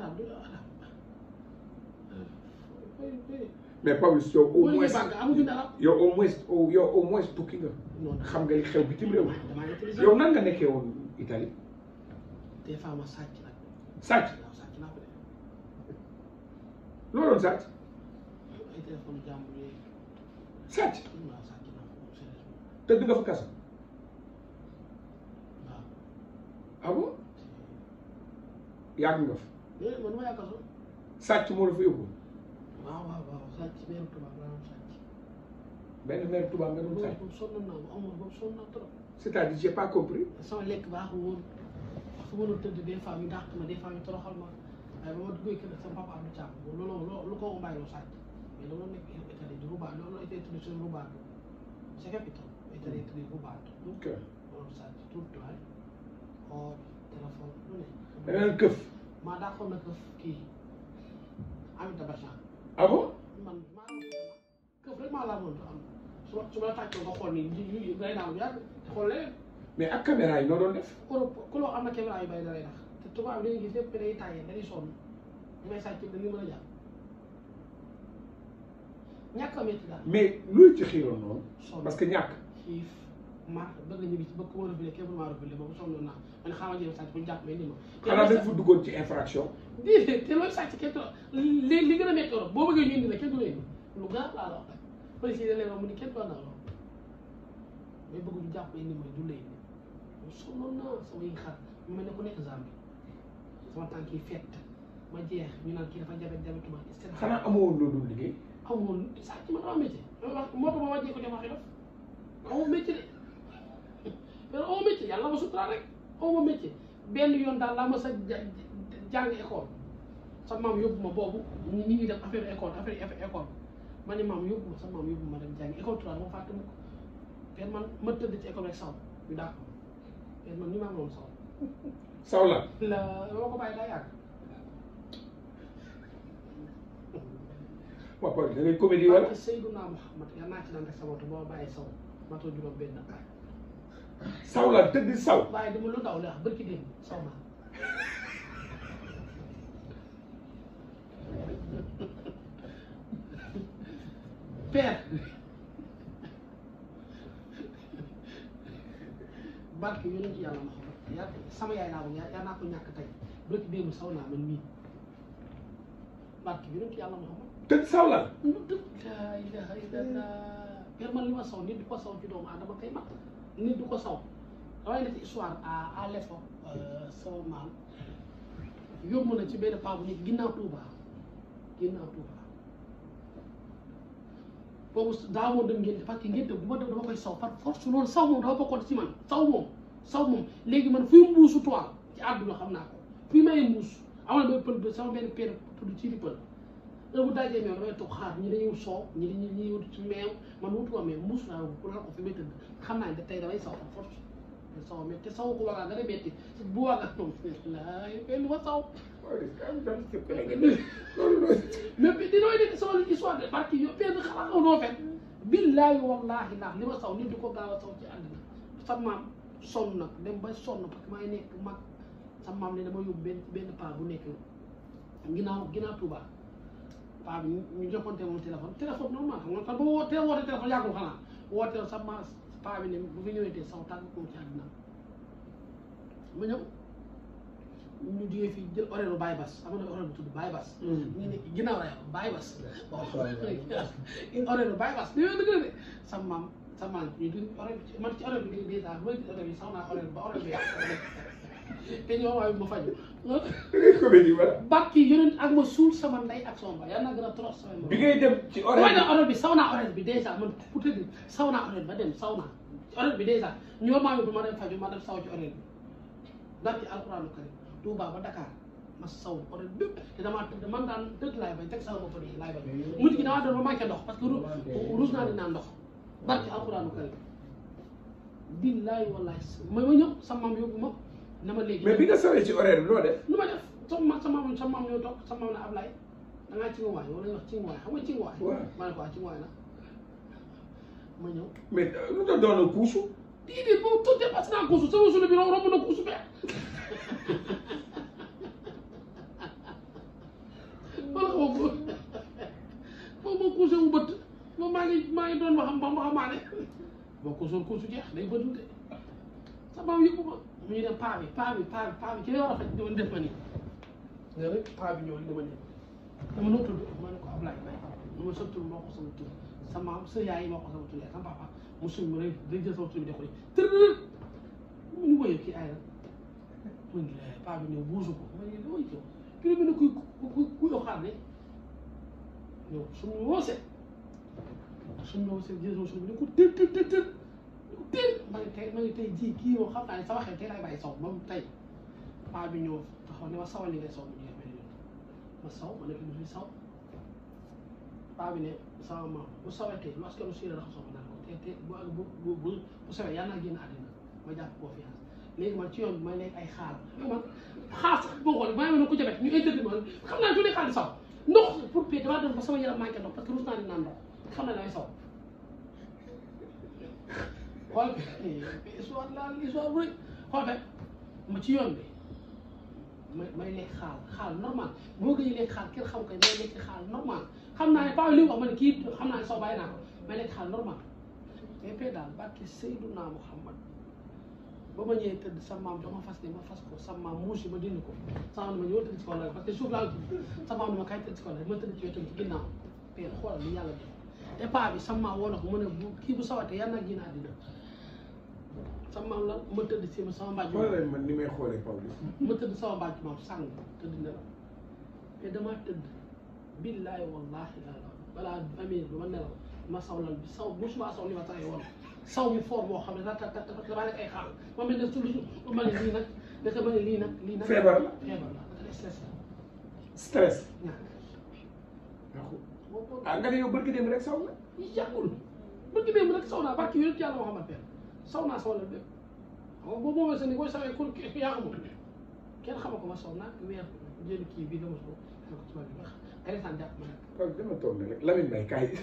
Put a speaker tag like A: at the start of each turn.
A: arabe du la arabe mais Pawlish yow au moins oh, yow au moins yow au moins tukki nga. xam nga li xew bitim réew. yow nan nga nekkee woon Italie. des fois ma sàcc nag. sàcc waaw ah déedéet man maa kaso. sàcc moo la fa yóbbu. waaw waaw waaw sàcc benn tubaab laa doon sàcc. benn mère tubaab nga doon sàcc. moom sonn naa ma amoon boobu sonn naa trop. c'est-à-dire j'ai pas compris. sama lekk baaxul woon su ma doon tëdd des fois ñu dàq ma des fois ñu toroxal ma waaye ba ma duggee kër sama papa am na càmm looloo loo lu ko mbaay loo sàcc mais loolu nekk état di rubaat loolu état tudd sur rubaat sa capital état di tudd rubaat. ok loolu sàcc tout le temps or téléphone lu ne. da nga këf. maa dàqoon na këf kii Amita Bachar. Ah man maa këf rek maa laajoon am su ma su ma la tàccee nga xool nii lii lii day naaw yàgg xool leneen. mais ak caméra yi am na caméra yu bari da lay tax te tubaab dañuy gis lépp day tàyyee a jàpp. ñàkk a métti daal. mais luy ci xiiroon noonu. parce que ma bëgg na ñibbi si bëgg ku ma refilé kenn ma refilé boobu sonn naa man xaaral jéem sàcc bu ñu jàpp may ni ma. xanaa dañ fa duggoon ci infraction. déedéet te loolu sàcc kenn li li gën a métti boo bëggee ñu indi la kenn du la indi lu gaaw laa la wax nag policier da leen wax mu ni kenn doon naa lool mais bëgg ñu jàpp may ni ma du la indi ma sonnoon naa samay xar ñu mel ne ku nekk Zambie sama tànk yi fett ma jeex ñu naan kii dafa jabet jabetu ma. xanaa amoo loolu liggéey. amoon sàcc ma am métier. wax moo tax ma wàññeeku dem waxi dof amoon métier de mais amoo métier yàlla ma suturaal rek amoo métier benn yoon daal laa ma sa jàng sa maam yóbbu boobu nit ñi def affaire école affaire affaire école ma ne sa maam yóbbu ma dem jàngi école trois ma fàtte ma ko benn man ma tëdd ci école rek saw ñu daa ko benn man ni ma amoon saw saw la la loo ko bàyyi daa yàgg da ngay naa Mouhamad yal naa ci saw la tëdd saw. waaye dama lu ndaw la bëri ci démb saw ma. père barke yonent ci yàlla ma xam yaa sama yaay laa ko yaa naa ko ñàkk tey bëri ci démb saw naa man mii barke yonent ci yàlla ma xam. tëdd saw la. tëdd laa ilaha illallah père man li ma saw nit di saw ci doomu aadama kay mat. nit du ko saw damay nekk histoire à à l'époque euh, sama maam yóbbu na ci benn paa bu nekk ginnaaw Touba ginnaaw Touba boobu daa moo dem ngénte parce que ngénte bu ma dem dama koy saw par force loolu saw moom dafa bokkoon ci man saw moom saw moom léegi man fuy mbuusu toile ci àdduna xam naa ko fuy mayee mbuus am na benn pël sama benn peer tudd ci li pël heure bu daajee meew damay toog xaar ñi dañuy wut soow ñi dañuy ñuy wut ci meew man wutuma meew muus naa wut pour ko fi may tëdd xam naa ne tey damay saw fa force te saw metti te saw ko wagaa dara metti bu wagaa moom laay fenn ma saw mais bi dinooy nekk saw li ci soide barki yo benn xalaat aw noo fen billaahi wallaahi laax li ma saw nit du ko gaaw a saw ci àddina sa maam sonn nag dem ba sonn parce que maay nekk mag sa maam ne dama yóbbu benn benn paa bu nekk ginnaaw ginnaaw Tuubaa paa bi ñu jokkante moom téléphone téléphone normal xam nga sax ba woo teel woote téléphone yàggul xanaa woote ne bu fi ñu jógee fii jël horaire Baye Bass am na horaire bu tudd Baye Bass. Mm. ñu ne ginnaaw la yàlla Baye Bass. horaire Baye Bass li may dëgg la de sa maam sa maam ñu du horaire man ci horaire bi dèjà sax te ñoo waayu ma faju comédie wala barki yonent ak ma suul sama ndey ak sama yàlla na gën a trop sama bi ngay dem ci orange bi orange bi saw naa orange bi dèjà man pour te dire saw naa orange ba dem saw naa orange bi dèjà ñoo maa yóbbu ma dem faju ma dem saw ci orange bi barki alxuraanu karim Touba ba Dakar ma saw orange bépp te damaa tëdd man daan tëdd laay bañ teg saw ba fële laay bañ mujj gi damaa doon ba manqué ndox parce que ruus naa dinaa ndox barki alxuraanu karim billaay wallaay ma ma ñëw sama maam yóbbu ma na ma léegi mais bi nga sawee ci horaire bi loo def. lu ma def sama sama sama maam ñoo toog sama maam na Ablaye da ngaa ci waay wala ñu wax ci waay xam nga ma ne ko ah ci waay la ma ñëw. mais euh, lu doon doon na kuusu. dii di boobu tout dépassé naa kuusu sama suuna bi romb na kuusu bee. wala xaw ma moom moo kuuse wu bët moom maa ngi maa ngi doon wax xam xam xamaane boo kuusoon kuusu jeex day bëtul de. sa maam yëpp ma mu ñu ne paa bi paa bi paa bi paa bi ci war a faj dama def ma nii nga rek paa bi ñëw li dama def dama noo tudd ma ne ko Ablaye Mbaye mu ma sa tur moo ko sama tur sa maam sa yaay moo ko sama tur yaay sama papa mu suñ mu rek dañ jël sama tur bi def ko nii tër mu ñu woyee kii ay mun gi paa bi ñëw buusu ko ma ne looy jox ki ne mu ne kuy kuy xaar ne ñëw suñu woose suñu woose jël sama tur bi ne ko tër tër tër tër tey ma ne tey jii kii moom xam naa ne sama xel tey laay bàyyi sow moom tey paa bi ñëw taxaw ne ma sawal li ngay sow bu ñu defee ma saw ma ne ko du saw paa bi bu sawatee parce que lu ko te te bu ma ci yoon bi ma nekk ay xaar man xaar sax boo xoolee bàyyi ma ne ku jabet ñu interdit ma xam naa ne du ne xaar di saw ndox pour parce que ruus naa ne naan ndox xam naa ne ay saw xool bi histoire laa histoire bu rëy xool ma ci yoon bi may may lekk xaal xaal normal moo gëj lekk xaal kenn xam ko may lekk xaal normal xam naa ne Paa li mu wax ma ne kii xam naa ne soo bàyyi naa ko may lekk xaal normal mais pee daal barke Seyduna Muhammad ba ma ñëwee tëdd sa maam jox ma fas ma fas ko sa maam muus ma dindi ko sa maam ma ñëw tëdd si kaw lal yàlla def bi sa maam woo na ko kii bu sawatee yàlla naa génn sama maam la ma tëdd si ma sama mbaaj. xoolal man ni may xoolee Paw bi. ma tëdd sama mbaaj maam sàng tëdd nelaw mais damaa tëdd billaahi wallaahi laa balaa amee lu ma nelaw ma sawlal bi saw musuma saw li ma tawee woon saw mu foor boo xam ne dafa dafa nekk ay xaal ma mel ne solution ma ne lii nag dafa ma ne la feebar la dafa ah, nga ne yow bëgg dem rek saw la yàggul bëgg dem rek saw naa barki yonent yàlla sow naa sow la lépp xam nga boo moomee sa ni booy sawee kon yaa amul kenn ko ma sow naa weer jël kii bi dama sow ko ci ma bi nga xam nga dama toog ne rek Lamine Mbaye kaay